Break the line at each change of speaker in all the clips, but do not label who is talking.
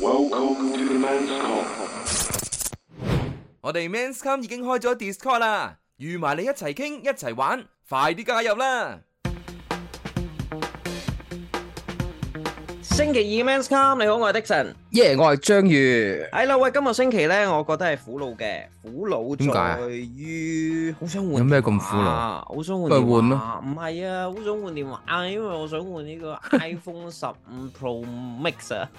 Welcome to the Men's Come 我哋 Men's Come 已經開咗 Discord 啦，預埋你一齊傾一齊玩，快啲加入啦！星期
二 Men's Come 你好，我係 Dixon。
耶，yeah, 我係張宇。
係啦、哎，喂，今個星期咧，我覺得係苦惱嘅，苦惱。點解啊？好想換。有咩咁苦惱？好想換電話。唔係啊，好想換電話，因為我想換呢個 iPhone 十五 Pro Max 啊。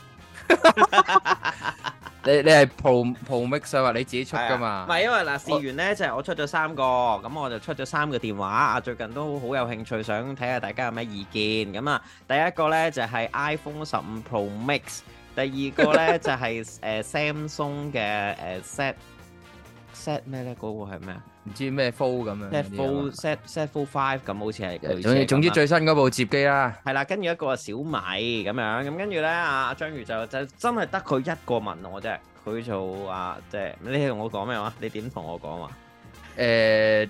你你係 Pro Pro Max 話、啊、你自己出噶嘛？唔
係因為嗱事緣咧，我 就係我出咗三個，咁我就出咗三個電話啊。最近都好有興趣，想睇下大家有咩意見咁啊。第一個咧就係、是、iPhone 十五 Pro Max，第二個咧就係、是、誒、呃、Samsung 嘅誒 Set Set 咩咧？嗰、呃那個係咩？唔知咩 full 咁樣 set full set set full five，咁好似係，總之總之最
新嗰部接機啦。係
啦，跟住一個小米咁樣，咁跟住咧阿章魚就就，就真係得佢一個問我啫，佢就話即係你同我講咩話？你點同我講啊？誒。欸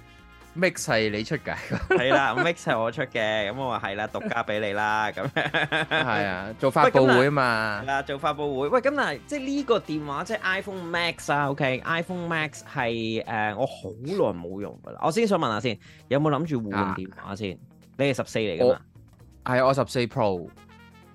Max 係你出噶，係啦 Max 係我出嘅，咁我話係啦，獨家俾你啦，咁樣係 啊，做發布會啊嘛，係啦，做發布會，喂，咁嗱，即係呢個電話，即係、okay? iPhone Max 啊，OK，iPhone Max 係誒，我好耐冇用噶啦，我先想問下先，有冇諗住換電
話先？啊、你係十四嚟噶嘛？係我十四 Pro，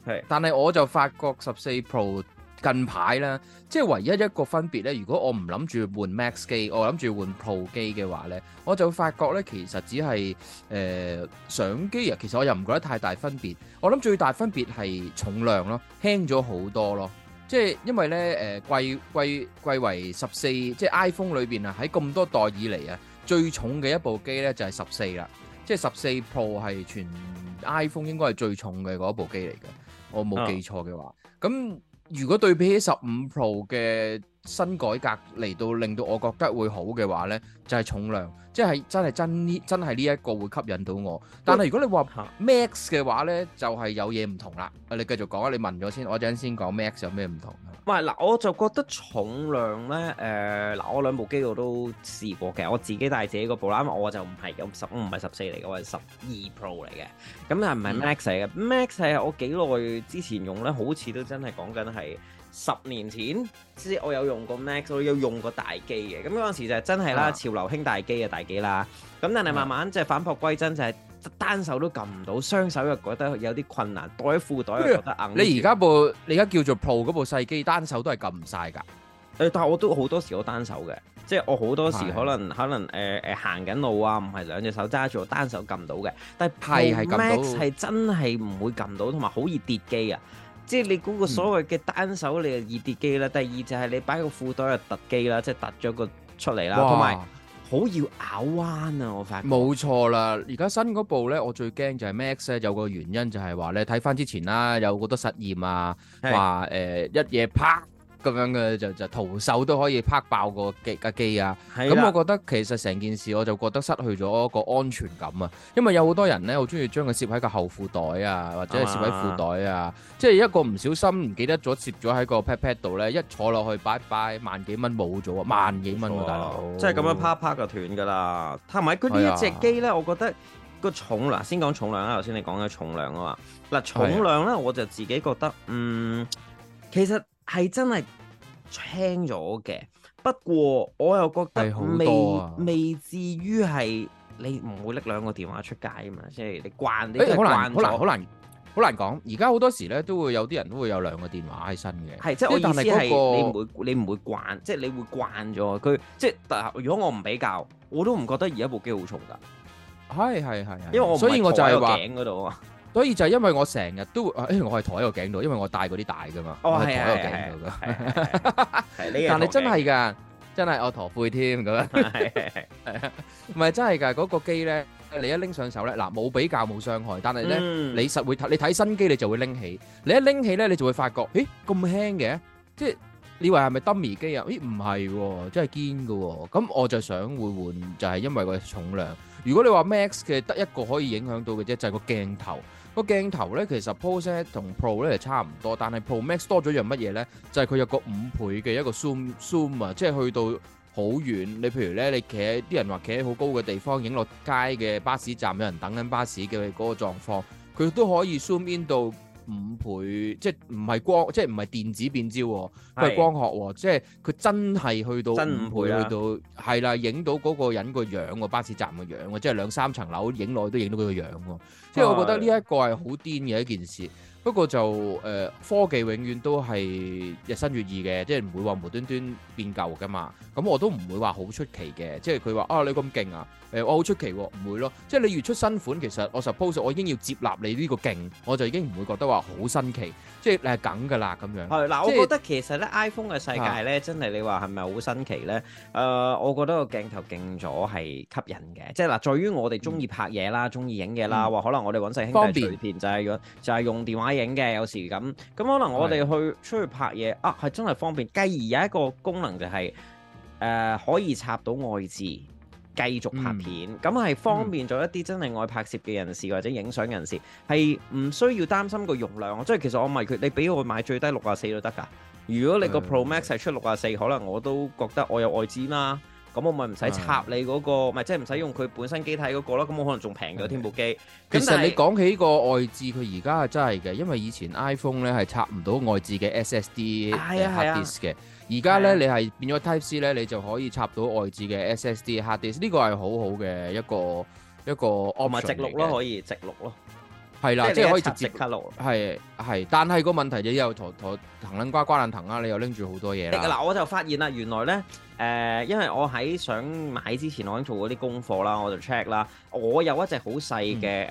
係是，但係我就發覺十四 Pro。近排咧，即係唯一一個分別咧。如果我唔諗住換 Max 機，我諗住換 Pro 機嘅話咧，我就發覺咧，其實只係誒、呃、相機啊。其實我又唔覺得太大分別。我諗最大分別係重量咯，輕咗好多咯。即係因為咧誒貴貴貴為十四，即係 iPhone 裏邊啊，喺咁多代以嚟啊，最重嘅一部機咧就係十四啦。即係十四 Pro 係全 iPhone 應該係最重嘅嗰部機嚟嘅，我冇記錯嘅話，咁、oh。如果對比起十五 Pro 嘅，新改革嚟到令到我覺得會好嘅話呢就係、是、重量，即係真係真呢，真係呢一個會吸引到我。但係如果你話 Max 嘅話呢就係、是、有嘢唔同啦。你繼續講啊，你問咗先，我陣先講 Max 有咩唔同。
喂，嗱，我就覺得重量呢，誒，嗱，我兩部機我都試過嘅，我自己帶自己個部啦，因為我就唔係咁十五，唔係十四嚟嘅，我係十二 Pro 嚟嘅，咁啊唔係 Max 嘅，Max 係我幾耐之前用呢，好似都真係講緊係。十年前，即我有用過 Max，我有用過大機嘅。咁嗰陣時就係真係啦，啊、潮流興大機啊，大機啦。咁但係慢慢即係反璞歸真，就係、是、單手都撳唔到，雙手又覺得有啲困難，袋喺褲袋又覺得硬。你而家
部，你而家叫做 Pro 嗰部細機，單手都係撳唔晒㗎。誒，但係我都好多時我單手嘅，
即係我好多時可能的可能誒誒行緊路啊，唔係兩隻手揸住，我單手撳到嘅。但係 Max 係真係唔會撳到，同埋好易跌機啊！即係你嗰個所謂嘅單手、嗯、你又易跌機啦，第二就係你擺個褲袋又突機啦，即係突咗個
出嚟啦，同埋好要拗彎啊！我發覺冇錯啦，而家新嗰部咧，我最驚就係 Max 咧，有個原因就係話咧睇翻之前啦，有好多實驗啊，話誒是、呃、一夜啪。咁樣嘅就就徒手都可以拍爆個機架機啊！咁是的、嗯、我覺得其實成件事我就覺得失去咗個安全感啊！因為有好多人咧，好中意將佢攝喺個後褲袋啊，或者係攝喺褲袋啊，啊即係一個唔小心唔記得咗攝咗喺個 pad pad 度咧，一坐落去擺擺，拜拜，萬幾蚊冇咗啊！萬幾蚊喎，大佬、這個，即係咁樣啪啪就斷㗎喇！同埋佢呢一隻機咧，我覺得個重量，先講
重量，重量，重量啦，頭先你講嘅重量啊嘛，嗱重量咧，我就自己覺得，是的 嗯，其實。係真係輕咗嘅，不過我又覺得未，啊、未至於係你唔會拎兩個電話出街啊嘛，即係你，你慣啲慣好難好難好難好難講。而家好多時咧都會有啲人都會有兩個電話喺身嘅。係即係我意思係你唔會你唔會慣，即係你會慣咗佢。即係如果我唔比較，我都唔覺得而家部機好重㗎。係
係係，欸欸欸，因為我所以我就係話。所以就係因為我成日都會，誒我係抬喺個頸度，因為我戴嗰啲大噶嘛。哦，係係係。但係真係噶，真係我陀背添咁。係係
係。
唔係真係噶，嗰個機咧，你一拎上手咧，嗱冇比較冇傷害，但係咧你實會睇，你睇新機你就會拎起，你一拎起咧你就會發覺，咦咁輕嘅，即係你以為係咪 Dummy 機啊？咦唔係喎，真係堅噶喎。咁我就想會換，就係因為個重量。如果你話 Max 嘅得一個可以影響到嘅啫，就係個鏡頭。個鏡頭咧，其實 Pose 同 Pro 呢係差唔多，但係 Pro Max 多咗樣乜嘢呢？就係、是、佢有個五倍嘅一個 zoom zoom 啊，即係去到好遠。你譬如呢，你企喺啲人話企喺好高嘅地方影落街嘅巴士站，有人等緊巴士嘅嗰個狀況，佢都可以 zoom in 到。五倍即係唔係光，即係唔係電子變焦，佢係是光學，即係佢真係去到真五倍去到係啦，影、啊、到嗰個人個樣，巴士站個樣，即係兩三層樓影落去都影到佢個樣，即係我覺得呢一個係好癲嘅一件事。不過就誒、呃、科技永遠都係日新月異嘅，即係唔會話無端端變舊㗎嘛。咁我都唔會話好出奇嘅，即係佢話啊你咁勁啊誒我好出奇喎、啊，唔會咯。即係你越出新款，其實我 suppose 我已經要接納你呢個勁，我就已經唔會覺得話好新奇，即係你係梗
㗎啦咁樣。係嗱的，是我覺得其實咧 iPhone 嘅世界咧，啊、真係你話係咪好新奇咧？誒、呃，我覺得個鏡頭勁咗係吸引嘅，即係嗱，在於我哋中意拍嘢啦，中意影嘢啦。話可能我哋搵食兄弟方便 隨便 就係就係用電話。影嘅有時，咁咁可能我哋去出去拍嘢是的 啊係真係方便。繼而有一個功能就係、是、誒、呃、可以插到外置繼續拍片，咁係、嗯、方便咗一啲真係愛拍攝嘅人士或者影相人士，係唔需要擔心個容量。即係其實我咪佢，你俾我買最低六十四都得㗎。如果你個 Pro Max 係出六十四，可能我都覺得我有外置啦。咁我咪唔使插你嗰個，咪即係唔使用佢本身機體嗰個咯。咁我可能仲平咗添部機。
其實你講起個外置佢而家係真係嘅，因為以前 iPhone 咧係插唔到外置嘅 SSD hard disk 嘅。而家咧你係變咗 Type C 咧，你就可以插到外置嘅 SSD hard disk。呢個係好好嘅一個一個哦。咪直錄咯，可
以直錄咯。
係啦，即係可以直接卡錄。係係，但係個問題就又陀陀騰撚瓜瓜撚騰啊！你又拎住好多嘢。嗱，
我就發現啦，原來咧。誒、呃，因為我喺想買之前，我已經做過啲功課啦，我就 check 啦。我有一隻好細嘅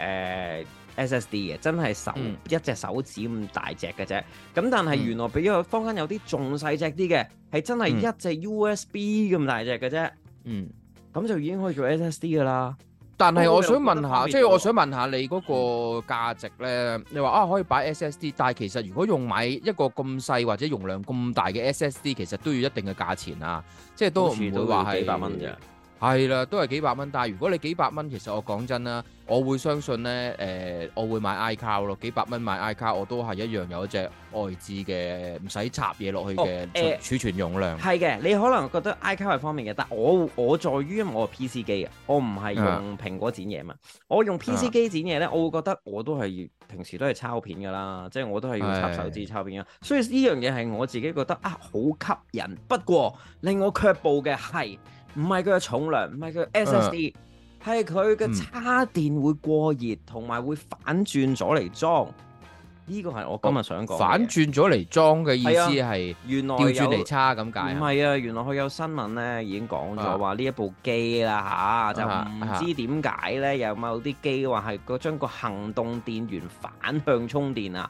誒 SSD 嘅，真係手一隻手指咁大隻嘅啫。咁但係原來比佢坊間有啲仲細隻啲嘅，係真係一隻 USB 咁大隻嘅啫。嗯，咁就已經可以做 SSD 噶啦。但係我想問下，即係我，我想
問下你嗰個價值咧？你話啊，可以擺 SSD，但係其實如果用買一個咁細或者容量咁大嘅 SSD，其實都要一定嘅價錢啊！即係都唔會話係幾百蚊嘅。係啦，都係幾百蚊。但係如果你幾百蚊，其實我講真啦，我會相信呢。誒、呃，我會買 iCard 咯。Card, 幾百蚊買 iCard 我都係一樣有一隻外置嘅唔使插嘢落去嘅儲存容量。係嘅、oh, 呃，你可能覺得 iCard 係方面
嘅，但我我在於我係 P C 機，我唔係用蘋果剪嘢嘛，uh, 我用 P C 機剪嘢呢，我會覺得我都係平時都係抄片噶啦，即係我都係要插手指抄片噶。Uh, 所以呢樣嘢係我自己覺得啊，好吸引。不過令我卻步嘅係。唔係佢嘅重量，唔係佢嘅 SSD，係佢嘅叉電會過熱，同埋會反轉咗嚟裝。呢個係我今日想講、哦。反
轉咗嚟裝嘅意思係原來調轉嚟叉
咁解。唔係啊，原來佢有、啊啊、有新聞咧已經講咗話呢一部機啦吓、啊啊，就唔知點解咧有某啲機話係個將個行動電源反向充電啊。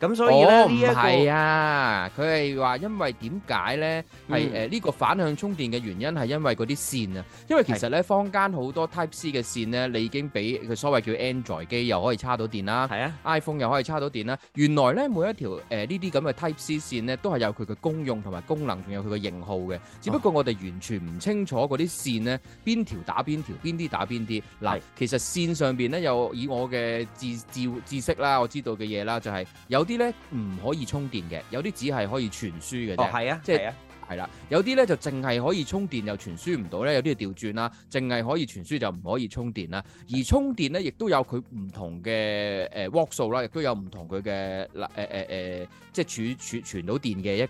咁所以咧呢一個，我唔係啊，
佢係話因為點解咧？係誒呢個反向充電嘅原因係因為嗰啲線啊，因為其實咧坊間好多 Type C 嘅線咧，你已經俾佢所謂叫 Android 機又可以叉到電啦，係啊，iPhone 又可以叉到電啦。原來咧每一條誒呢啲咁嘅 Type C 線咧，都係有佢嘅功用同埋功能，仲有佢嘅型號嘅。只不過我哋完全唔清楚嗰啲線咧邊條打邊條，邊啲打邊啲。嗱，其實線上邊咧有以我嘅智智知識啦，我知道嘅嘢啦，就係有。啲咧唔可以充電嘅，有啲只係可以傳輸嘅。哦，係啊，即係係啦，有啲咧就淨係可以充電又傳輸唔到咧，有啲就調轉啦，淨係可以傳輸就唔可以充電啦。而充電咧，亦都有佢唔同嘅誒，瓦數，啦亦都有唔同佢嘅誒誒誒，即係儲儲存到電嘅一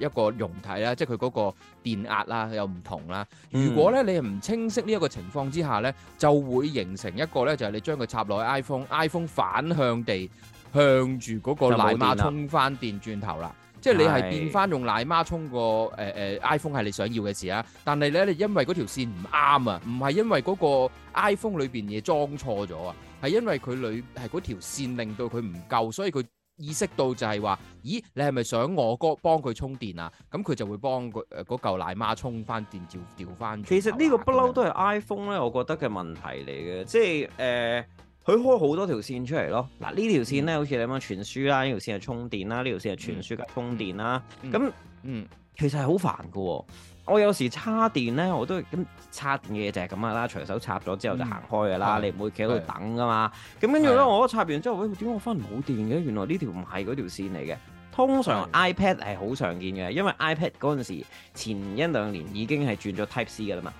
個一個容體啦，即係佢嗰個電壓啦，又唔同啦。如果咧你係唔清晰呢一個情況之下咧，就會形成一個咧，就係、是、你將佢插落去 iPhone，iPhone 反向地。向住嗰個奶媽充翻電轉頭啦，即係你係變翻用奶媽充個誒誒 iPhone 係你想要嘅事啊！但係咧，你因為嗰條線唔啱啊，唔係因為嗰個 iPhone 裏邊嘢裝錯咗啊，係因為佢裏係嗰條線令到佢唔夠，所以佢意識到就係話：咦，你係咪想我哥幫佢充電啊？咁佢就會幫佢誒嗰嚿奶媽充翻電，調調翻。
其實個呢個不嬲都係 iPhone 咧，我覺得嘅問題嚟嘅，即係誒。呃佢開好多條線出嚟咯，嗱，呢條線咧好似你咁樣傳輸啦，呢條線係充電啦，呢條、嗯、線係傳輸加充電啦，咁嗯其實係好煩嘅喎，我有時插電咧我都咁插電嘅嘢就係咁啊啦，隨手插咗之後就行開嘅啦，嗯、你唔會企喺度等噶嘛，咁跟住咧我插完之後，喂，點解我翻嚟冇電嘅？原來呢條唔係嗰條線嚟嘅，通常 iPad 係好常見嘅，因為 iPad 嗰陣時前一兩年已經係轉咗 Type C 嘅啦嘛，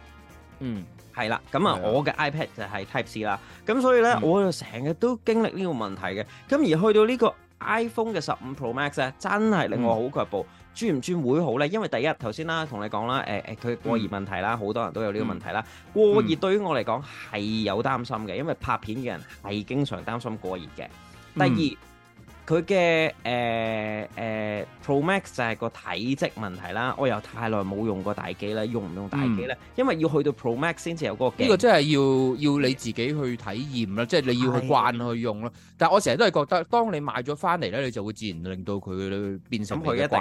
嗯。係啦，咁啊，我嘅 iPad 就係 Type C 啦，咁所以呢，嗯、我就成日都經歷呢個問題嘅。咁而去到呢個 iPhone 嘅十五 Pro Max 真係令我好卻步。轉唔轉會好呢？因為第一頭先啦，同你講啦，誒、呃、誒，佢過熱問題啦，好、嗯、多人都有呢個問題啦。嗯、過熱對於我嚟講係有擔心嘅，因為拍片嘅人係經常擔心過熱嘅。第二。嗯佢嘅誒誒 Pro Max 就係個體積問題啦，我又太耐冇用過大機啦，用唔用大機咧？嗯、
因為要去到 Pro Max 先至有嗰個機。呢個真係要要你自己去體驗啦，即、就、係、是、你要去慣去用咯。的但係我成日都係覺得，當你買咗翻嚟咧，你就會自然令到佢
變成大牌。佢一定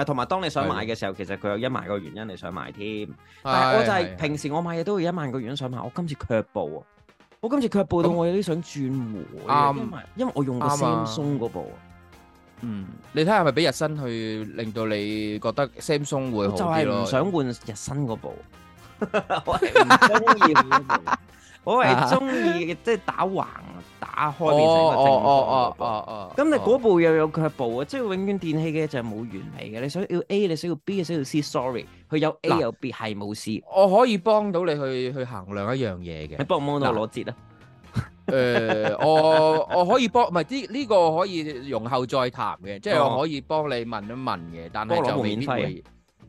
係同埋當你想買嘅時候，的其實佢有一萬個原因你想買添。但係我就係、是、的平時我買嘢都會有一萬個原因想買，我今次卻步我今次佢係報到那，我有啲想轉換，正因為我用過 Samsung
嗰部。嗯，你睇下係咪俾日新去令到你覺得 Samsung、嗯、會好啲，就係唔想換日新嗰部。 我
係唔中意， 我係中意即係打
橫。打開變成哦哦哦。啊啊、方，方，咁你嗰
部又有佢部啊，即係永遠電器嘅就係冇原理嘅。啊、你想要 A，你想要 B，你想要 C，Sorry，佢有 A、啊、有 B 係冇 C。
我可以幫到你去去衡量一樣嘢嘅，你幫唔幫到我攞折啊？誒，我我可以幫，唔係呢呢個可以容後再談嘅， 即係我可以幫你問一問嘅，但係就露露免費。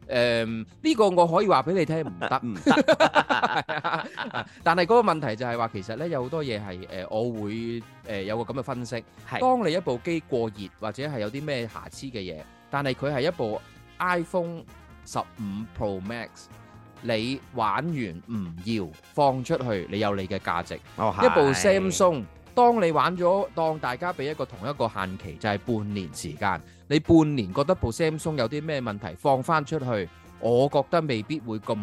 誒呢、um，個我可以話俾你聽，唔得唔得。 但係嗰個問題就係話，其實呢有好多嘢係誒，我會誒、呃、有個咁嘅分析。係是，當你一部機過熱或者係有啲咩瑕疵嘅嘢，但係佢係一部 iPhone 十五 Pro Max，你玩完唔要放出去，你有你嘅價值。Oh，一部 Samsung，當你玩咗，當大家俾一個同一個限期，就係、是、半年時間。你半年覺得部 Samsung 有啲咩問題，放翻出去，我覺得未必會咁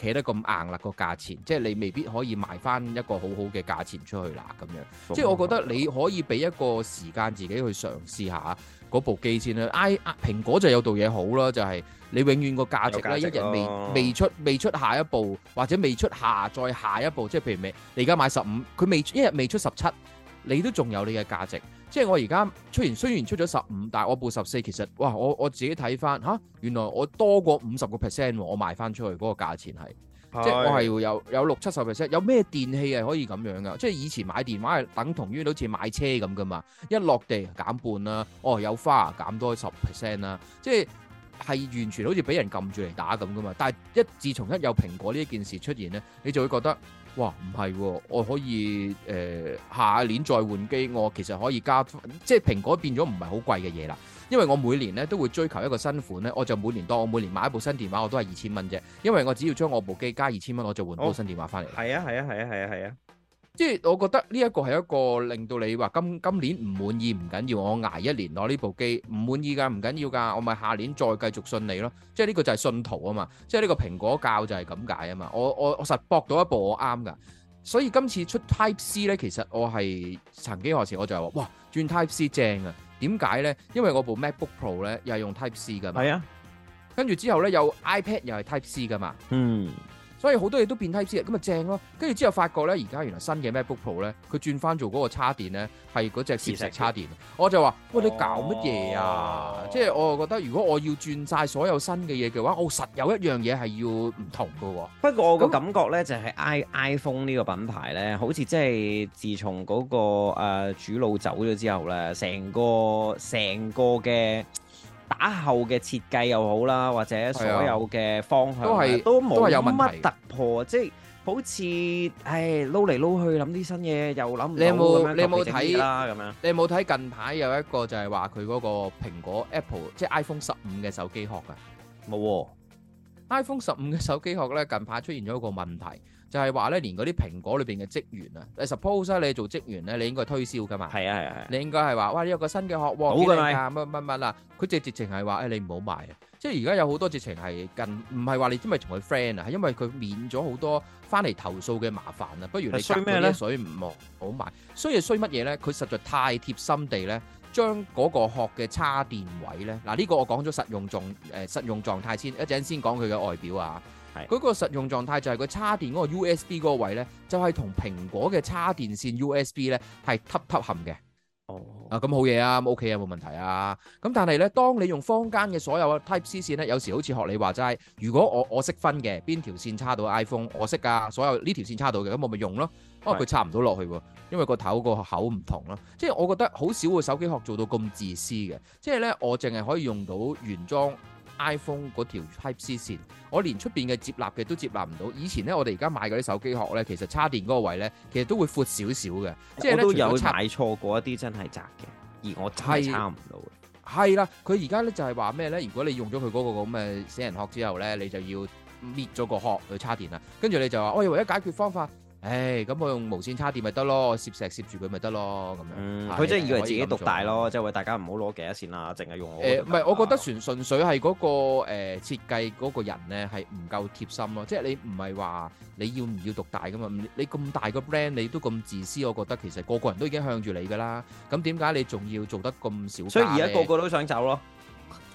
企得咁硬啦個價錢，即係你未必可以賣翻一個好好嘅價錢出去啦咁樣。即係我覺得你可以俾一個時間自己去嘗試下嗰部機先啦。I Apple 就有道嘢好囉，就係、是、你永遠個價值咧，值一日未未出未出下一步，或者未出下再下一步，即係譬如你你而家買十五，佢未一日未出十七，你都仲有你嘅價值。即係我而家雖然雖然出咗十五，但係我部十四，其實哇，我我自己睇翻吓，原來我多過五十個 percent 喎，我賣翻出去嗰個價錢係的，即係我係有有六七十 percent，有咩電器係可以咁樣噶？即係以前買電話係等同於好似買車咁噶嘛，一落地減半啦，哦有花減多十 percent 啦，即係係完全好似俾人撳住嚟打咁噶嘛。但係一自從一有蘋果呢一件事出現咧，你就會覺得。哇，唔係，我可以誒、呃、下年再換機，我其實可以加，即係蘋果變咗唔係好貴嘅嘢啦。因為我每年咧都會追求一個新款咧，我就每年當我每年買一部新電話，我都係二千蚊啫。因為我只要將我部機加二千蚊，我就換部新電話翻嚟。係、哦、啊，係啊，係啊，係啊，係啊。即係我覺得呢一個係一個令到你話今今年唔滿意唔緊要，我捱一年攞呢部機唔滿意㗎，唔緊要㗎，我咪下年再繼續信你咯。即係呢個就係信徒啊嘛，即係呢個蘋果教就係咁解啊嘛。我我我實搏到一部我啱㗎，所以今次出 Type C 咧，其實我係曾經何時我就係話哇，轉 Type C 正啊？點解咧？因為我部 MacBook Pro 咧又係用 Type C 㗎嘛。係啊。跟住之後咧，有 iPad 又係 Type C 㗎嘛。嗯。所以好多嘢都變 Type-C 嘅，咁咪正咯。跟住之後發覺呢，而家原來新嘅 MacBook Pro 咧，佢轉翻做嗰個叉電咧，係嗰隻磁石叉電。我就話：喂，你搞乜嘢啊？哦、即係我覺得，如果我要轉晒所有新嘅嘢嘅話，我、哦、實有一樣嘢係要唔同嘅喎。
不過我個感覺呢那，就係 iPhone 呢個品牌呢，好似即係自從嗰、那個、呃、主路走咗之後呢，成個成個嘅。打後嘅設計又好啦，或者所有嘅方向都係都冇乜突破，即係好似，唉，撈嚟撈去諗啲新嘢又諗唔到咁樣。你有冇你有冇睇啦咁樣？
你有冇睇近排有一個就係話佢嗰個蘋果 Apple 即係 iPhone 十五嘅手機殼㗎啊？冇啊，iPhone 十五嘅手機殼咧，近排出現咗一個問題。就係話咧，連嗰啲蘋果裏邊嘅職員啊，suppose 你做職員咧，你應該推銷㗎嘛？係啊係啊，啊啊你應該係話，哇，你有個新嘅殼喎，好㗎嘛，乜乜乜啊？佢就直情係話，誒、哎，你唔好賣啊！即係而家有好多直情係近，唔係話你只係同佢 friend 啊，係因為佢免咗好多翻嚟投訴嘅麻煩啊！不如你減咩咧？是是所以唔好唔好賣。衰係衰乜嘢咧？佢實在太貼心地咧，將嗰個殼嘅叉電位咧，嗱、這、呢個我講咗實用狀誒實用狀態先，一陣先講佢嘅外表啊。嗰個實用狀態就係佢插電嗰個 USB 嗰個位呢，就係、是、同蘋果嘅插電線 USB 呢，係凸凸冚嘅。哦，啊咁好嘢啊，OK 啊，冇、啊、問題啊。咁但係呢，當你用坊間嘅所有嘅 Type C 線呢，有時好似學你話齋，如果我我識分嘅邊條線插到 iPhone，我識㗎，所有呢條線插到嘅，咁我咪用咯。啊、不過佢插唔到落去喎，因為個頭個口唔同咯。即係我覺得好少會手機殼做到咁自私嘅，即係呢，我淨係可以用到原裝。iPhone 嗰條 Type C 線，我連出邊嘅接納嘅都接納唔到。以前咧，我哋而家買嗰啲手機殼咧，其實插電嗰個位咧，其實都會闊少少嘅。就是、我都有踩錯過一啲真係窄嘅，而我真係插唔到。係啦，佢而家咧就係話咩咧？如果你用咗佢嗰個咁嘅死人殼之後咧，你就要搣咗個殼去插電啦。跟住你就話，我以唯一解決方法。唉，咁我用無線叉電咪得咯，攝石攝住佢咪得咯，咁樣。嗯，佢真係以為自己獨大咯，即係話大家唔好攞其他線啊，淨係用我。誒，唔係，我覺得純純粹係嗰個誒設計嗰個人咧係唔夠貼心咯，即係你唔係話你要唔要獨大㗎嘛？你你咁大個 brand，你都咁自私，我覺得其實個個人都已經向住你㗎啦。咁點解你仲要做得咁少？所以而家個個都想走咯，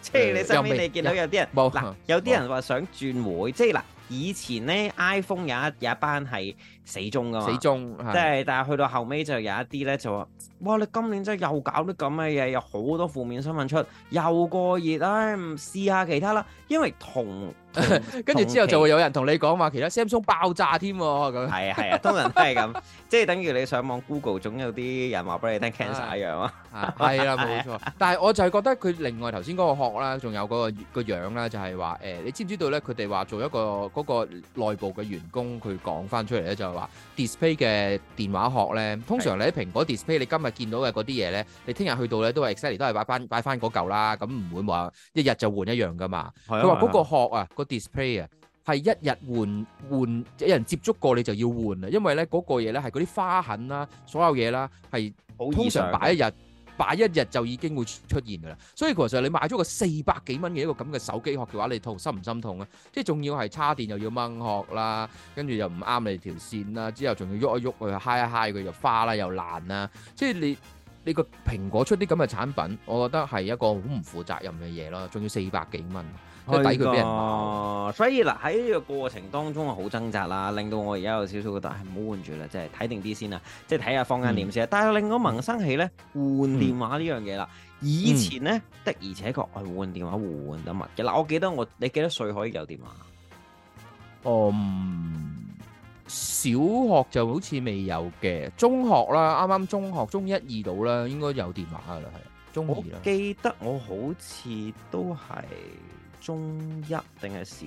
即係你身邊你見到有啲人冇嗱，有啲人話想轉會，即係嗱。以前
咧 iPhone 有一有一班係死忠噶嘛，死忠，即係但係去到後尾就有一啲咧就話，哇！你今年真係又搞啲咁嘅嘢，有好多負面新聞出，又過熱唉，唔試下其他啦，因為同。
跟住更 之後就會有人
同你講話，其他 Samsung 爆炸添喎。係啊係啊，通常都係咁， 即係等於你上網 Google 總
有啲人話俾你聽 cancer 一樣啊。
係啦， 冇錯。
但係我就係覺得佢另外頭先嗰個殼啦，仲有個個樣啦，就係話誒，你知唔知道咧？佢哋話做一個嗰個內部嘅員工，佢講翻出嚟咧，就係話 display 嘅電話殼咧，通常你喺蘋果 display，你今日見到嘅嗰啲嘢咧，你聽日去到咧都係 exactly 都係擺翻擺翻嗰嚿啦，咁唔會話一日就換一樣噶嘛。佢話嗰個殼的啊，display 啊，係一日換換有人接觸過你就要換啊，因為咧嗰、那個嘢咧係嗰啲花痕啦，所有嘢啦，係好通常擺一日，擺一日就已經會出現噶啦。所以其實你買咗個四百幾蚊嘅一個咁嘅手機殼嘅話，你痛心唔心痛啊？即係仲要係插電又要掹殼啦，跟住又唔啱你條線啦，之後仲要喐一喐佢，嗨一嗨佢又花啦，又爛啦。即係你你個蘋果出啲咁嘅產品，我覺得係一個好唔負責任嘅嘢咯，仲要四百幾蚊。
去噶，所以啦喺呢個過程當中啊，好掙扎啦，令到我而家有少少覺得係唔好換住啦，即係睇定啲先啊，即係睇下放緊點先。但係令我萌生起咧換電話呢樣嘢啦。以前咧、嗯、的而且確係換電話換得密嘅。嗱，我記得我你幾多歲可以有電話？
哦，um, 小學就好似未有嘅，中學啦，啱啱中學中一二度啦，應該有電話噶啦，係中二啦。記得我好似都係。中
一定係小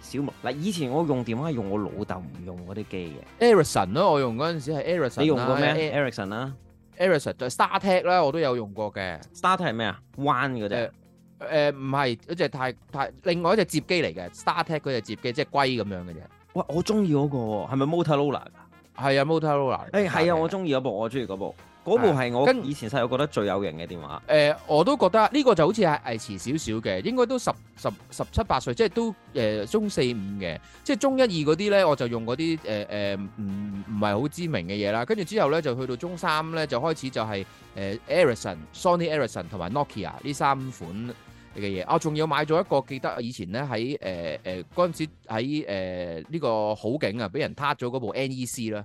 小木，嗱。以前我用電話係用我老豆唔用嗰啲機嘅
，Ericsson 咯，ison, 我用嗰陣時係 Ericsson。你用過咩 e r i c s A, s o n 啦，Ericsson 就、啊、StarTech 啦，ison, Star ek, 我都有用過嘅。StarTech 係咩啊？彎嗰隻？誒、呃，唔、呃、係，嗰隻太太，另外一隻摺機嚟嘅，StarTech 嗰隻摺機即係龜咁樣嘅啫。
喂，我中意嗰個，係咪 Motorola？係啊，Motorola。誒，係啊
，Motorola, 欸、啊我中意嗰部，我中意嗰部。嗰部係我跟以前細我覺得最有型嘅電話。誒、呃，我都覺得呢、呢個就好似係遲少少嘅，應該都十十十七八歲，即係都誒、呃、中四五嘅，即係中一二嗰啲呢，我就用嗰啲誒誒唔唔係好知名嘅嘢啦。跟住之後呢，就去到中三呢，就開始就係誒 Ericsson Sony、ok、Ericsson 同埋 Nokia 呢三款嘅嘢。我仲要買咗一個，記得以前呢喺誒誒嗰陣時喺誒呢個好景啊，俾人撻咗嗰部 NEC 啦。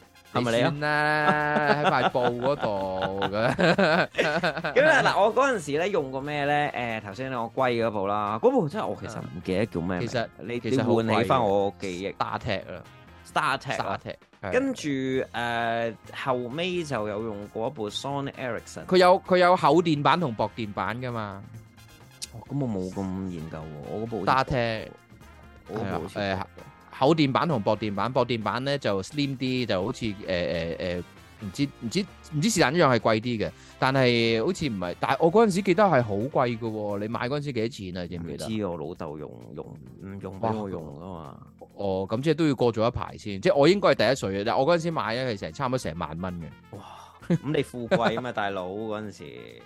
係咪你咧？喺塊布
嗰度嘅。咁啊，嗱，我嗰陣時咧用過咩咧？誒，頭先我貴嗰部啦，嗰部真係我其實唔記得叫咩名。其實你其實好貴。翻我記憶。StarTAC 啦，StarTAC。StarTAC。跟住誒後尾就有用過一部 Sony Ericsson。
佢有佢有厚電板同薄電板噶嘛？哦，咁我冇
咁研究喎，我
嗰部 StarTAC。
我嗰部。
厚電板同薄電板，薄電板咧就 slim 啲，就好似誒誒誒，唔、呃呃、知唔知唔知是但一樣係貴啲嘅，但係好似唔係，但係我嗰陣時記得係好貴㗎喎、哦，你買嗰陣時幾多錢啊？記唔記得？唔知我老豆用用唔用俾我用啊嘛、哦？哦，咁即係都要過咗一排先，即係我應該係第一歲嘅，但係我嗰陣時買咧係成差唔多成萬蚊嘅。哇。咁你富貴啊嘛
大佬，嗰陣時，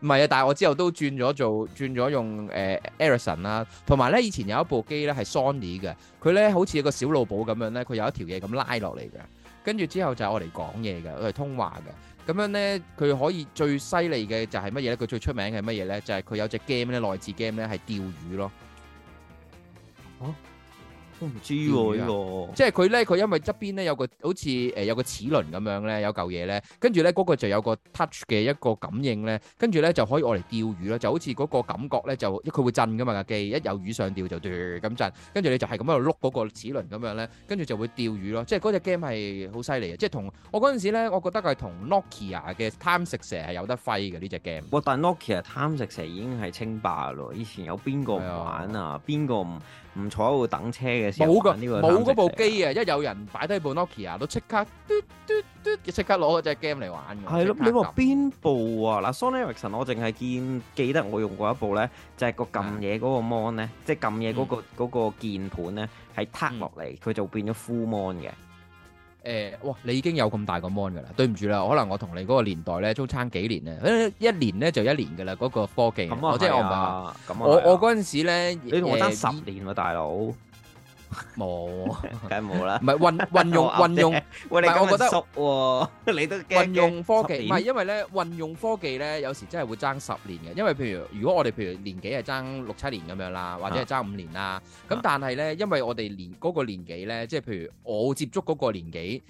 唔係啊，但係我之後都轉咗做，轉咗用誒 Ericsson 啦，同埋咧以前有一部機咧係 Sony 嘅，佢咧好似一個小老保咁樣咧，佢有一條嘢咁拉落嚟嘅，跟住之後就係我嚟講嘢嘅，佢係通話嘅，咁樣咧佢可以最犀利嘅就係乜嘢咧？佢最出名嘅係乜嘢咧？就係、是、佢有隻 game 咧，內置 game 咧係釣魚咯。哦
我唔知喎呢、啊啊這個，即係
佢咧，佢因為側邊咧有個好似誒、呃、有個齒輪咁樣咧，有嚿嘢咧，跟住咧嗰個就有個 touch 嘅一個感應咧，跟住咧就可以我嚟釣魚啦，就好似嗰個感覺咧就佢會震噶嘛架機，機一有魚上釣就嘟咁、呃、震，跟住你就係咁喺度碌嗰個齒輪咁樣咧，跟住就會釣魚咯。即係嗰隻 game 係好犀利嘅，即係同我嗰陣時咧，我覺得係同 Nokia 嘅貪食蛇係有得揮嘅呢隻 game。哦、但 Nokia 貪食蛇已經係稱霸咯，以前有
邊個玩啊？邊、啊、個唔？唔坐喺度等車嘅時候，冇嗰
部機啊！一有人擺低部 Nokia，、ok、都即刻嘟嘟嘟，即刻攞嗰隻 game 嚟玩嘅。係咯對，你話
邊部啊？嗱，Sony Ericsson 我淨係見記得我用過一部咧，就係、是、個撳嘢嗰個 mon 咧，的即係撳嘢嗰個嗰、那個鍵盤咧，係撻落嚟，佢、嗯、就變咗 full
mon 嘅。誒、呃，哇！你已經有咁大個 mon 㗎啦，對唔住啦，可能我同你嗰個年代咧都差幾年咧，一一年咧就一年㗎啦，嗰、那個科技，我即係我唔係話，我我嗰陣時咧，你同我爭十年喎，大佬。冇，梗係冇啦。唔係運運用運用，唔係我覺得，你都運用科技，唔係因為咧運用科技咧，有時真係會爭十年嘅。因為譬如如果我哋譬如年紀係爭六七年咁樣啦，或者係爭五年啦，咁但係咧，因為我哋年嗰個年紀咧，即係譬如我接觸嗰個年紀，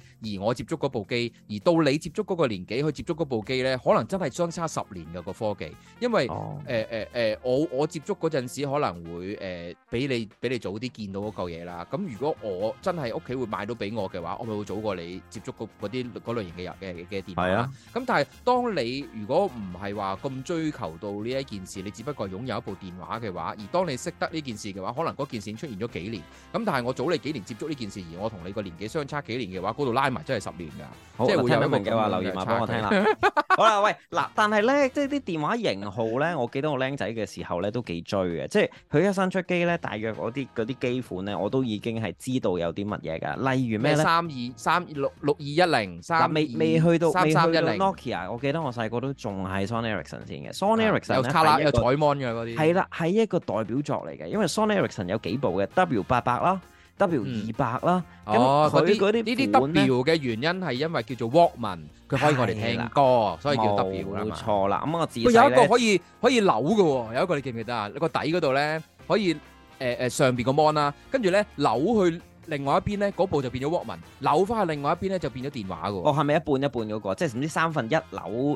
而我接觸嗰部機，而到你接觸嗰個年紀去接觸嗰部機咧，可能真係相差十年嘅個科技。因為誒誒誒，我我接觸嗰陣時可能會誒俾你俾你早啲見到嗰嚿嘢啦。啊！咁如果我真係屋企會買到俾我嘅話，我咪會早過你接觸嗰嗰啲嗰類型嘅嘅嘅電話啊。咁但係當你如果唔係話咁追求到呢一件事，你只不過擁有一部電話嘅話，而當你識得呢件事嘅話，可能嗰件事出現咗幾年。咁但係我早你幾年接觸呢件事，而我同你個年紀相差幾年嘅話，嗰度拉埋真係十年㗎，好即係會有一個留言話俾我聽啦。
好啦，喂嗱，但係咧，即係啲電話型號咧，我記得我僆仔嘅時候咧都幾追嘅，即係佢一新出機咧，大約嗰啲嗰啲機款咧，我都。都已經係知道有啲乜嘢噶，例如咩咧？咩三
二三六六二一零，未未去到未去到
Nokia。我記得我細個都仲係 Sony Ericsson 先嘅，Sony Ericsson 有卡拉有彩 mon
嘅嗰啲。係啦，
係一個代表作嚟嘅，因為 Sony Ericsson 有幾部嘅 W 八百啦，W 二百啦。哦，佢嗰啲呢啲
W 嘅原因係因為叫做 Walkman，佢可以我哋聽歌，所以叫 W 啦嘛。冇錯啦，咁我自細咧可以可以扭嘅，有一個你記唔記得啊？個底嗰度咧可以。誒誒、呃、上邊個 mon 啦，跟住咧扭去另外一邊咧，嗰部就變咗 Walkman，扭翻去另外一邊咧就變咗電話喎。哦，係咪一半一半嗰、那個？即係唔知三分一扭，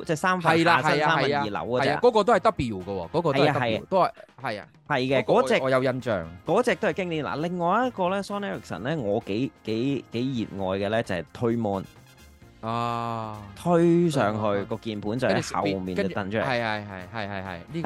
的即係三分下身三分二扭嗰隻？嗰、那個都係 W 嘅喎，嗰、那個都係都係係啊，係嘅。嗰隻我有印象，嗰隻都係經典嗱。另外一個咧 Sony Ericsson 咧，e、on, 我幾幾幾熱愛嘅咧就係推 mon。哦，推上去個鍵盤就喺後面就掟出嚟。係係係
係係係，呢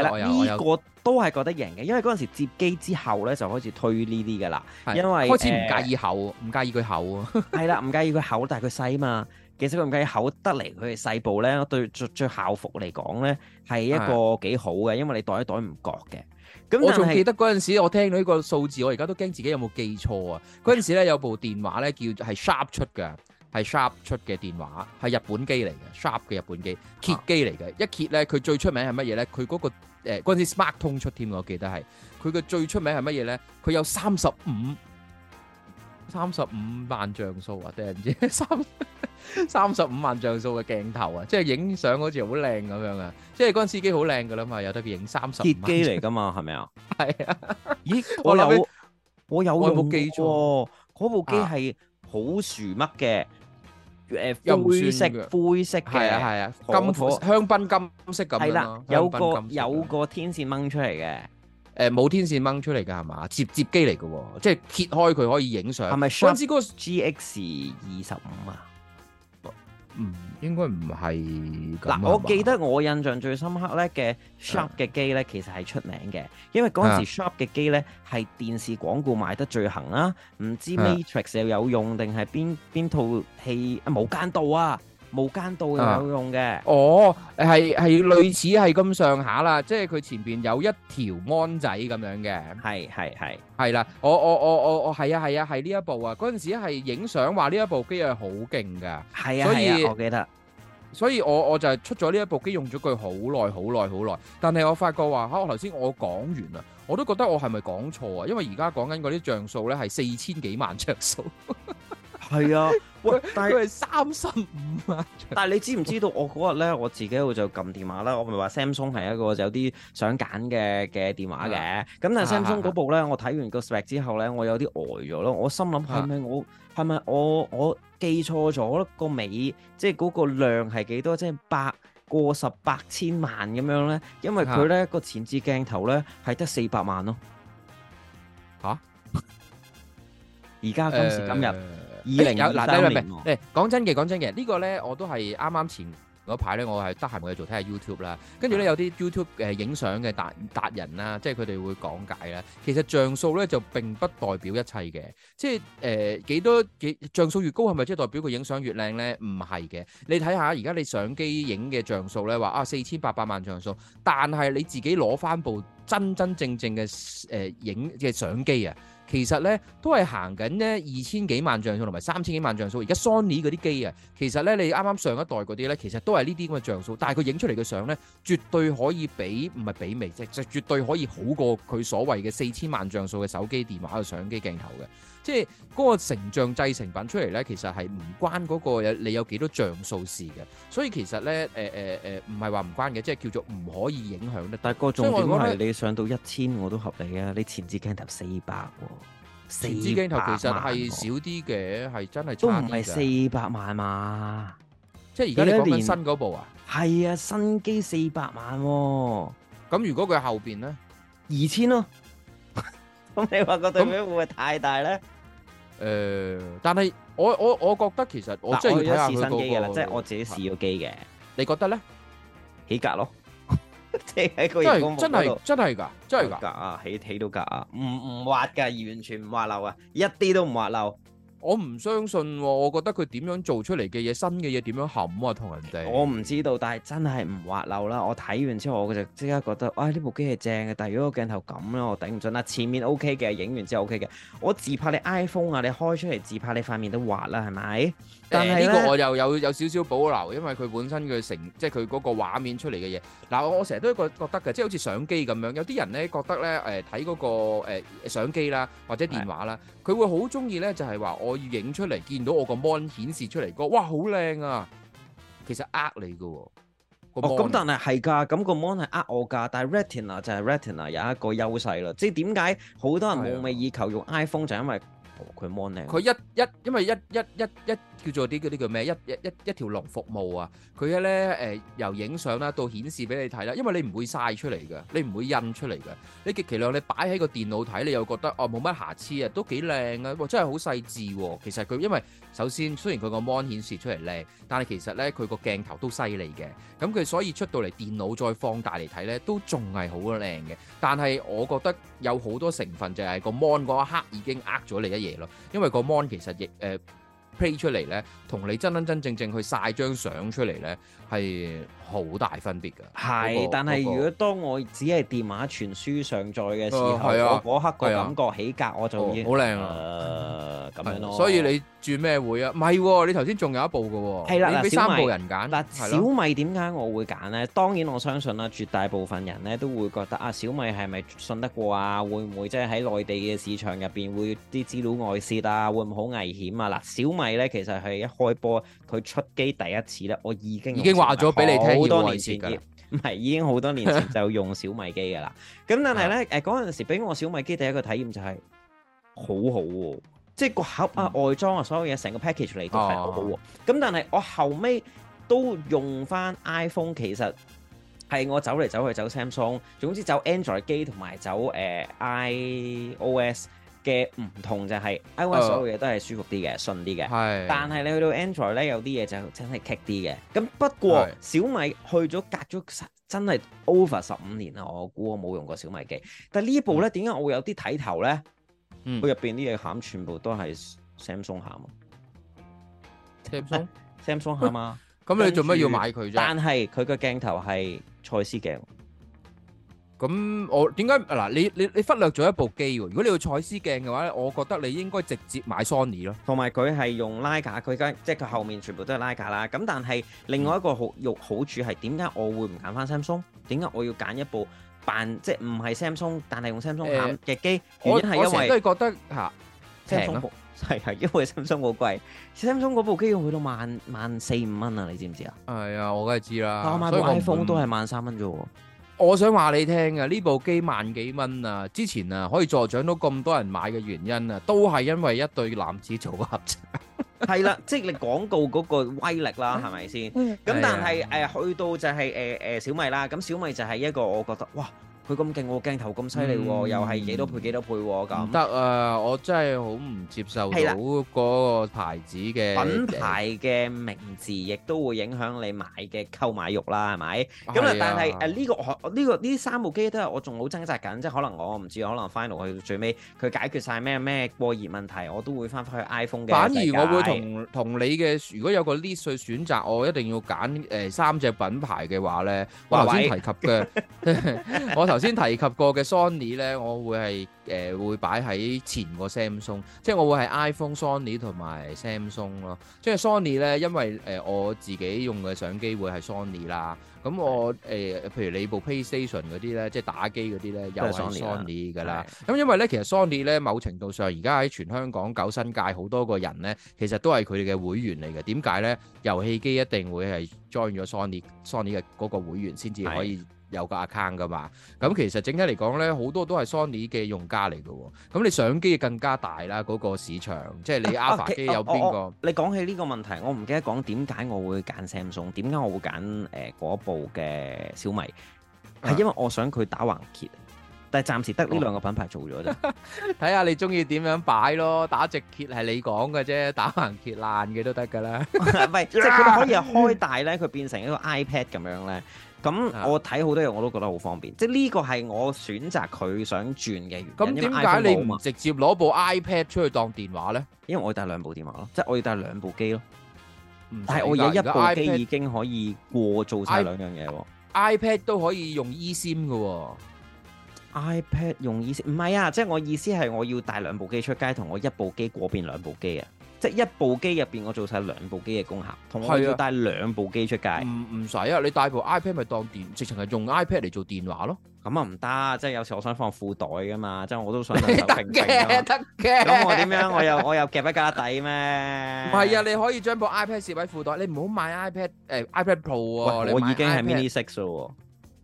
個
都係覺得型嘅，因為嗰陣時接機之後咧就開始推呢啲噶啦，因為開始唔介意厚，唔介意佢厚，係啦，唔介意佢厚，但係佢細啊嘛，其實佢唔介意厚得嚟，佢係細部咧，對着着校服嚟講咧係一個幾好嘅，因為你袋一袋唔覺嘅。咁我仲記得
嗰陣時我聽到呢個數字，我而家都驚自己有冇記錯啊！嗰陣時咧有部電話咧叫係 Sharp 出嘅。係 Sharp 出嘅電話，係日本機嚟嘅，Sharp 嘅日本機，啊、揭機嚟嘅。一揭咧，佢最出名、嗰個呃、出名係乜嘢咧？佢嗰個誒嗰陣時 SmartTone 出添，我記得係佢嘅最出名係乜嘢咧？佢有三十五三十五萬像素啊，定係唔知三三十五萬像素嘅鏡頭啊，即係影相好似好靚咁樣啊！即係嗰陣時機好靚噶啦嘛，有得佢影三十五萬像素揭機嚟噶嘛，係咪 啊？係啊！咦，我有我，
我有用我有記錯，
嗰、哦、部機係。啊。
好薯乜嘅，誒、呃、灰色灰
色係啊係啊，金火、啊、妥香檳金色咁樣啦、啊、的有個有個天線掹出嚟嘅，誒冇、呃、天線掹出嚟噶係嘛？摺摺機嚟嘅、哦，即係揭開佢可以影相。係咪、那個？觀之
哥 GX 二十五啊。
嗯，應該唔係嗱，啦吧我記
得我印象最深刻咧嘅 Sharp 嘅機咧，其實係出名嘅，因為嗰陣時、yeah. Sharp 嘅機咧係電視廣告賣得最行啦，唔知 Matrix 又有用定
係邊邊套戲啊、無間道啊！無間道有用嘅、啊，哦，係係類似係咁上下啦，即係佢前面有一條安仔咁樣嘅，係係係係啦，我我我我我係啊係啊係呢一部，一部啊，嗰陣時係影相話呢一部機係好勁噶，係啊，所以我記得，所以我我就係出咗呢一部機用咗佢好耐好耐好耐，但係我發覺話吓、啊，我頭先我講完啦，我都覺得我係咪講錯啊？因為而家講緊嗰啲像素咧係四千幾萬像素，係 啊。喂，但係三十五萬，15, 但係你知唔知道我嗰日咧，我自
己會就撳電話啦。我咪話 Samsung 係一個有啲想揀嘅嘅電話嘅。咁、啊、但係 Samsung 嗰部咧，啊、我睇完個 spec 之後咧，我有啲呆咗咯。我心諗係咪我係咪我我記錯咗咯？個尾即係嗰個量係幾多？即、就、係、是、百過十八千萬咁樣咧？因為佢咧個前置鏡頭咧係得四百萬咯。
吓、啊？而家 今時今日。 有嗱，你講、哦、真嘅，講真嘅，呢、這個呢我都係啱啱前嗰排呢，我係得閒冇嘢做，睇下 YouTube 啦。跟住呢，有啲 YouTube 誒影相嘅達達人啦，即係佢哋會講解啦。其實像素呢就並不代表一切嘅，即係誒、呃、幾多幾像素越高係咪即係代表佢影相越靚呢？唔係嘅，你睇下而家你相機影嘅像素呢，話啊四千八百萬像素，但係你自己攞翻部真真正正嘅誒、呃、影嘅相機啊！其實咧都係行緊呢二千幾萬像素同埋三千幾萬像素，而家 Sony 嗰啲機啊，其實咧你啱啱上一代嗰啲咧，其實都係呢啲咁嘅像素，但係佢影出嚟嘅相咧，絕對可以比唔係比美，即係絕對可以好過佢所謂嘅四千萬像素嘅手機電話嘅相機鏡頭嘅。即係嗰、那個成像製成品出嚟咧，其實係唔關嗰個你有幾多像素事嘅，所以其實咧，誒誒誒，唔係話唔關嘅，即係叫做唔可以影響咧。但係個重點係你
上到一千我都合理啊！你前置鏡頭四百、哦，前置鏡頭其實係
少啲嘅，係真係都唔係四
百萬嘛。萬
嘛即係而家你講緊新嗰部啊，
係啊，新機四百萬喎、哦。
咁如果佢後邊咧，
二千咯。
咁 你話個對比會唔會太大咧？誒、呃，但係我我我覺得其實我，真我試、嗰個、即係要睇試新機嘅啦，即係我自
己試咗機嘅，你覺得咧？起格咯， 即係
佢真係真係真係噶，真係噶
啊，起起到格啊，唔唔滑噶，完全唔滑溜啊，一啲都唔滑溜。我唔相信喎，我覺得佢點樣做出嚟嘅嘢，新嘅嘢點樣含啊？同人哋我唔知道，但係真係唔滑溜啦。我睇完之後，我就即刻覺得，哇、哎！呢部機係正嘅，但係如果個鏡頭咁樣，我頂唔順啦。前面 O K 嘅，影完之後 O K 嘅，我自拍你 iPhone 啊，你開出嚟自拍你塊面都
滑啦係咪？誒呢個我又有有少少保留，因為佢本身嘅成即係佢嗰個畫面出嚟嘅嘢。嗱，我我成日都覺覺得嘅，即係好似相機咁樣，有啲人咧覺得咧誒睇嗰個、呃、相機啦或者電話啦，佢會好中意咧就係話我要影出嚟見到我個 mon 顯示出嚟嗰個，哇好靚啊！其實呃你㗎喎？哦，咁但
係係㗎，咁個 mon 係呃我㗎，但係 retina 就係 retina 有一個優勢啦。即
係點解好多人夢寐以求用 iPhone 就的因為？佢 mon 咧，佢一一，因為一一一一叫做啲嗰啲叫咩，一一一一條龍服務啊，佢咧誒由影相啦到顯示俾你睇啦，因為你唔會曬出嚟嘅，你唔會印出嚟嘅，你極其量你擺喺個電腦睇，你又覺得哦冇乜瑕疵啊，都幾靚啊，哇真係好細緻喎。其實佢因為首先雖然佢個 mon 顯示出嚟靚，但係其實咧佢個鏡頭都犀利嘅，咁佢所以出到嚟電腦再放大嚟睇咧，都仲係好靚嘅。但係我覺得有好多成分就係個 mon 嗰一刻已經呃咗你嘅嘢。咯，因為個 mon 其實亦誒 play 出嚟咧，同你真真正正正去晒張相出嚟咧，係。好大分別㗎，係是，那個、但係如果
當我只係電話傳輸上載嘅時候，呃啊、我嗰刻個感覺
起格，我就已經好靚啊
咁、呃啊、樣咯。所以你
轉咩會啊？唔係、啊，你頭先仲有一部㗎喎，啊、你俾三部人揀。嗱、啊，小
米點解、啊、我會揀呢？當然我相信啦，絕大部分人咧都會覺得啊，小米係咪信得過啊？會唔會即係喺內地嘅市場入邊會啲資料外泄啊？會唔會好危險啊？嗱、啊，小米咧其實係一開波佢出機第一次咧，我已經已經話咗俾你聽。好多年前，唔係已經好多年前就用小米機嘅啦。咁 但係呢，誒嗰陣時俾我小米機第一個體驗就係、是、好好喎、啊，即係個盒啊、外裝、嗯、啊、所有嘢成個 package 嚟都係好好喎。咁但係我後尾都用翻 iPhone，其實係我走嚟走去走 Samsung，總之走 Android 機同埋走誒 iOS。呃嘅唔同就係 iOS 所有嘢都係舒服啲嘅，哎、順啲嘅。係，但係你去到 Android 咧，有啲嘢就真係棘啲嘅。咁不過小米去咗隔咗真係 over 十五年啦，我估我冇用過小米機。但係呢部咧，點解我會有啲睇頭咧？佢入邊啲嘢鹹全部都係 Samsung 鹹啊！Samsung、嗯、Samsung 鹹啊！咁、欸、你做乜要買佢？但係佢個鏡
頭係蔡司鏡。咁我點解嗱？你你你忽略咗一部機喎。如果你要蔡司鏡嘅話咧，我覺得你應該直接買 Sony 咯。同埋佢係
用 Leica，佢而佢即係佢後面全部都係 Leica 啦。咁但係另外一個好用、嗯、好，好處係點解我會唔揀翻 Samsung？點解我要揀一部扮即係唔係 Samsung 但係用 Samsung 諗嘅機？我原因係因為都覺得嚇平啊，係啊，因為 Samsung 好
貴。Samsung 嗰部機要去到萬萬四五蚊啊！你知唔知啊？係啊，我梗係知啦。我買部 iPhone 都係萬三蚊啫喎。我想話你聽啊，呢部機萬幾蚊啊，之前啊可以助長到咁多人買嘅原因啊，都係因為一對男子組合，係 啦，
即係你廣告嗰個威力啦，係咪先？咁但係誒的去到就係誒誒小米啦，咁小米就係一個我覺得哇。佢咁勁喎，鏡頭咁犀利喎，又係幾多倍幾多倍喎咁。
得啊，我真係好唔接受到嗰個牌
子嘅品牌嘅名字，亦都會影響你買嘅購買欲啦，係咪？咁啊，但係誒呢個我呢個呢三部機都係我仲好掙扎緊，即係可能我唔知可能 Final 去到最尾，佢解決曬咩咩過熱問題，我都會翻返去 iPhone 嘅。反而我會同
同你嘅，如果有個 list 選擇，我一定要揀誒三隻品牌嘅話咧，我頭先提及嘅，我頭頭先提及過嘅 Sony 咧，我會係誒、呃、會擺喺前個 Samsung，即係我會係 iPhone、Sony 同埋 Samsung 咯。即係 Sony 咧，因為誒、呃、我自己用嘅相機會係 Sony 啦。咁我誒，譬如你部 PlayStation 嗰啲咧，即係打機嗰啲咧，又係 Sony 㗎啦。咁、啊、因為咧，其實 Sony 咧，某程度上而家喺全港九新界好多個人咧，其實都係佢哋嘅會員嚟嘅。點解咧？遊戲機一定會係 join 咗 Sony、Sony 嘅嗰個會員先至可以。有個 account 噶嘛？咁其實整體嚟講咧，好多都係 Sony 嘅用家嚟嘅。咁你相機更加大啦，嗰、嗰個市場即係你 Alpha Okay, 機有邊個？
你講起呢個問題，我唔記得講點解我會揀 Samsung，點解我會揀誒嗰部嘅小米？係因為我想佢打橫揭，但係暫時得呢兩個品牌做咗啫。
睇下 你中意點樣擺咯，打直揭係你講嘅啫，打橫
揭爛嘅都得㗎啦。唔係，即係佢可以， 可以開大咧，佢變成一個 iPad 咁樣咧。咁我睇好多嘢，我都覺得好方便，即係呢個係我選擇佢想轉嘅原
因。咁點解你唔直
接攞部 iPad 出去當電話呢？因為我要帶兩部電話咯，即係我要帶兩部機咯。
但係我而家一部機已
經可以過 Pad, 做晒兩樣嘢喎。
I, iPad 都可以用 eSIM 嘅喎。哦、iPad 用 e s m 唔
係啊，即係我意思係我要帶兩部機出街，同我一部機過變兩部機啊。即係一部機入邊，我做晒兩部機嘅功效，同我要帶兩部機出街。唔唔使啊，你帶部 iPad 咪當電，直情係用 iPad 嚟做電話咯。咁啊唔得，即係有時我想放褲袋噶嘛，即係我都想拎得嘅，得
嘅。咁我點樣？我又我
又夾喺架底咩？唔係 啊，你
可以將部 iPad 攝位褲袋，你唔好買 iPad 誒、呃、iPad Pro 喎、啊。喂我已經係 mini
6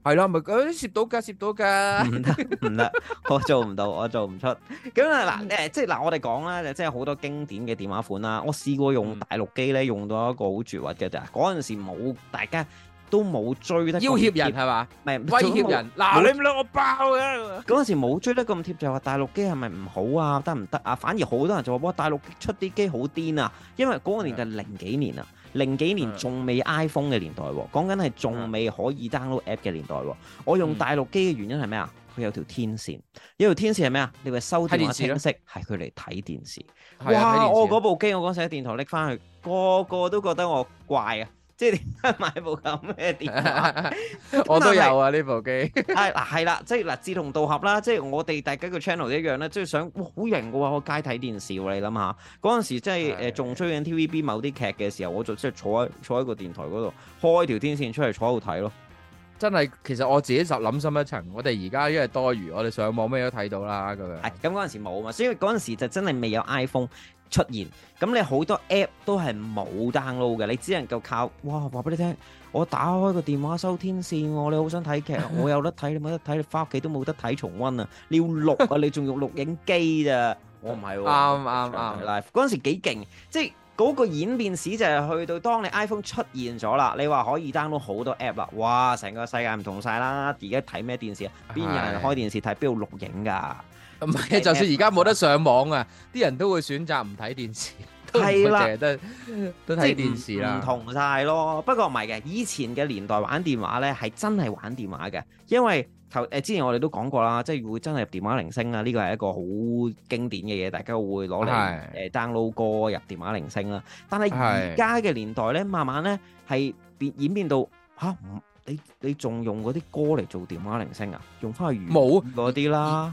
係啦，咪佢都攝到㗎，攝到㗎。唔得唔得，我做唔到，我做唔出。咁啊嗱，誒、呃、即係嗱、啊，我哋講啦，即係好多經典嘅電話款啦。我試過用大陸機咧，用到一個好絕核嘅咋。嗰陣時冇，大家都冇追得要挾人係嘛？唔係威脅人，鬧你唔鬧我爆啊！嗰陣時冇追得咁貼著啊，啊，啊。就話大陸機係咪唔好啊？得唔得啊？反而好多人就話哇，大陸出啲機好癲啊！因為嗰個年代零幾年啊。嗯零幾年仲未 iPhone 嘅年代，講緊係仲未可以 download app 嘅年代。我用大陸機嘅原因係咩啊？佢有條天線，有條天線係咩啊？你話收電話消息係佢嚟睇電視。哇嘩！我嗰部機我嗰陣喺電台搦返去，個個都覺得我怪即係 點解買部咁嘅電 我都有啊！呢 部機，係嗱係啦，即係嗱志同道合啦，即係我哋大家個 channel 一樣咧，即係想好型嘅喎，我街睇電視喎，你諗下嗰陣時，即係誒仲追緊
TVB 某啲劇嘅時候，我就即係坐喺坐喺個電台嗰度開條天線出嚟坐喺度睇咯， 真係其實我自己就諗深一層，我哋而家因為多餘，我哋上網咩都睇到啦
咁樣，係咁嗰陣時冇啊嘛，所以嗰陣時就真係未有 iPhone。出現咁你好多 app 都係冇 download 嘅，你只能夠靠哇話俾你聽，我打開個電話收天線，喎，你好想睇劇，我有得睇你冇得睇，你返屋企都冇得睇重溫啊，你要錄啊， 你仲用錄影機咋？我唔係喎，啱啱啱嗱嗰陣時幾勁，即係嗰個演變史就係去到當你 iPhone 出現咗啦，你話可以 download 好多 app 啦，哇成個世界唔同晒啦，而家睇咩電視啊，邊有人開電視睇邊度錄影㗎？唔係，就算而家冇得上網啊，啲人都會選擇唔睇電視，都唔會成日都
都睇電視啦。唔同
曬咯，不過唔係嘅，以前嘅年代玩電話咧係真係玩電話嘅，因為頭誒之前我哋都講過啦，即係會真係入電話鈴聲啊，呢個係一個好經典嘅嘢，大家會攞嚟誒 download 歌入電話鈴聲啦。但係而家嘅年代咧，慢慢咧係變演變到嚇，你你仲用嗰啲歌嚟做電話鈴聲啊？用翻去冇嗰啲啦。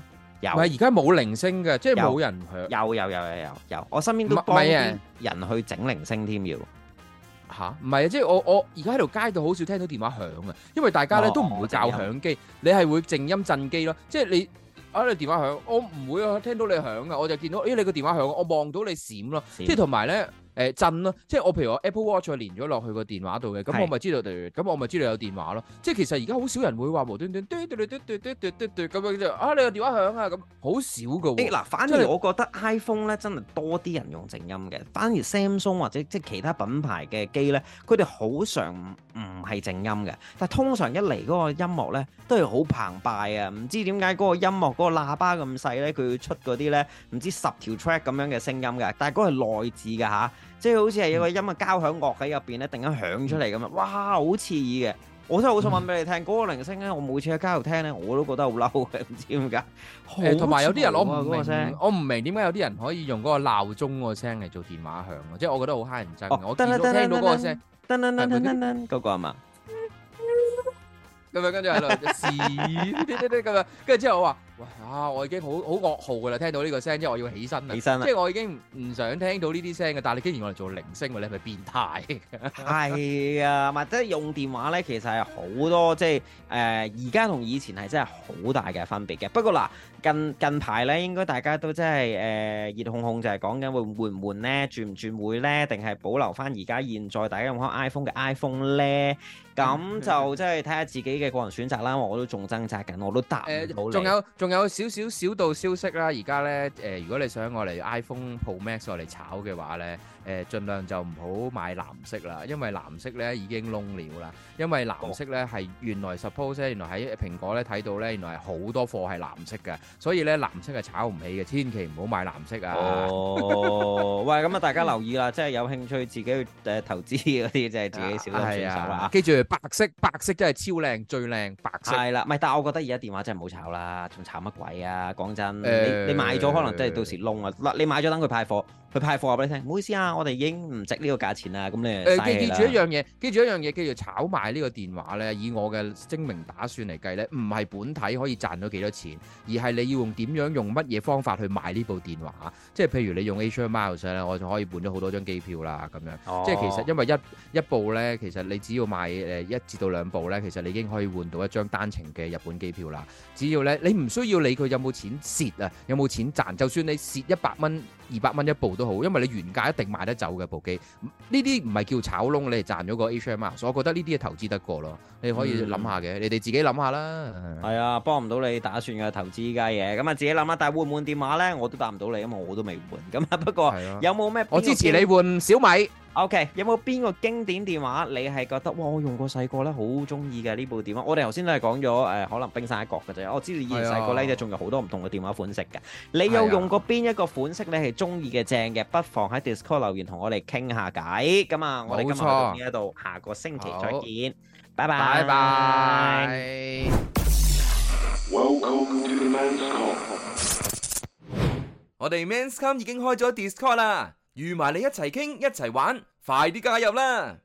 唔係而
家冇鈴聲嘅，即係冇人響。有有有有有有，我身邊都幫啲、啊、人去整鈴聲添要。嚇？唔係啊，即係我我而家喺條街度好少聽到電話響啊，因為大家咧都唔、哦、會校響機，你係會靜音震機咯。即係你啊，你電話響，我唔會、啊、聽到你響啊，我就見到，咦、哎、你個電話響，我望到你閃咯。閃。即係同埋咧。誒震咯，即係我譬如我 Apple Watch 我連咗落去個電話度嘅，咁我咪知道，咁我咪知道有電話咯。即係其實而家好少人會話無端端嘟嘟嘟嘟嘟嘟嘟嘟咁樣就，啊你個電話響啊咁，好少嘅喎。嗱，反而我覺得 iPhone 咧真係多啲人用靜音嘅，
反而 Samsung 或者即係其他品牌嘅機咧，佢哋好常唔係靜音嘅，但係通常一嚟嗰個音樂咧都係好澎湃啊！唔知點解嗰個音樂嗰個喇叭咁細咧，佢會出嗰啲咧唔知十條 track 咁樣嘅聲音嘅，但係嗰係內置㗎吓。即係好似係一個音啊，交響樂喺入邊咧，突然間響出嚟咁樣，哇，好刺耳嘅！我真係好想
問俾你聽，嗰個鈴聲咧，我每次喺街度聽咧，我都覺得好嬲嘅，唔知點解。誒，同埋有啲人攞唔到，我唔明點解有啲人可以用嗰個鬧鐘個聲嚟做電話響，即係我覺得好乞人憎嘅。我次次聽到嗰個
聲，噔噔噔噔噔，
嗰個係咪？咁樣跟住係咯，噋噋噋咁樣，跟住之後我話。啊，我已經好好噩耗㗎喇，聽到呢個聲之後我要起身起身啦，即係我已經唔想聽到呢啲聲嘅。但係你竟然用嚟做鈴聲，你係咪變態？係 啊，或者用電話咧，其實係好
多即係誒，而家同以前係真係好大嘅分別嘅。不過嗱，近近排咧，應該大家都真係誒、呃、熱烘烘，就係講緊會唔會換咧，轉唔轉會咧，定係保留翻而家現在大家用開 iPhone 嘅 iPhone 咧？咁就即係睇下
自己嘅個人選擇啦。我都仲掙扎緊，我都答唔到你仲、呃、有仲。有少少小，小道消息啦，而家咧，誒、呃，如果你想我嚟 iPhone Pro Max 我嚟炒嘅話咧。誒，盡量就唔好買藍色啦，因為藍色咧已經窿了啦。因為藍色咧係原來 suppose，原來喺蘋果咧睇到咧，原來係好多貨係藍色嘅，所以咧藍色係炒唔起嘅，千祈唔好買藍色啊！哦、 喂，咁啊，大家留
意啦，即係、嗯、有興趣自己去投資嗰啲，即係自己小心選、啊啊、記
住白色，白色真係
超靚，最靚白色。係啦、啊，唔係，但係我覺得而家電話真係唔好炒啦，仲炒乜鬼啊？講真、欸你，你你買咗可能真係到時窿啊！嗱、啊，你買咗等佢派貨，佢派貨話俾你聽，唔好意思啊。啊、我哋已經唔
值呢個價錢啦，咁你誒、呃，記住一樣嘢，記住一樣嘢，叫做炒賣呢個電話咧，以我嘅精明打算嚟計呢，唔係本體可以賺到幾多錢，而係你要用點樣用乜嘢方法去賣呢部電話。即係譬如你用 Air Miles 我就可以換咗好多張機票啦，咁樣。哦、即係其實因為一一部呢，其實你只要賣誒一至到兩部呢，其實你已經可以換到一張單程嘅日本機票啦。只要咧，你唔需要理佢有冇錢蝕啊，有冇錢賺，就算你蝕一百蚊，二百蚊一部都好，因為你原價一定賣得走嘅部機，呢啲唔係叫炒窿，你係賺咗個 HMR，所以我覺得呢啲嘢投資得過咯，你可以諗下嘅，嗯、你哋自己諗下啦。
係啊，幫唔到你打算嘅投資家嘢，咁啊自己諗下，但換唔換電話咧，我都答唔到你，因為我都未換。咁啊不過啊有冇咩？我支持你
換小米。
OK，有冇邊個經典電話？你係覺得哇，我用過細個咧，好中意嘅呢部電話。我哋頭先都係講咗，誒，可能冰山一角嘅啫。我知道你以前細個咧，就仲有好多唔同嘅電話款式嘅。你有用過邊一個款式？你係中意嘅正嘅，不妨喺 Discord 留言同我哋傾下偈。咁啊，我哋今日到呢一度，下個星期再見，拜拜拜。Welcome to the Men's Come。
我哋 Men's Come 已經開咗 Discord 啦。預埋你一齊傾，一齊玩，快啲加入啦！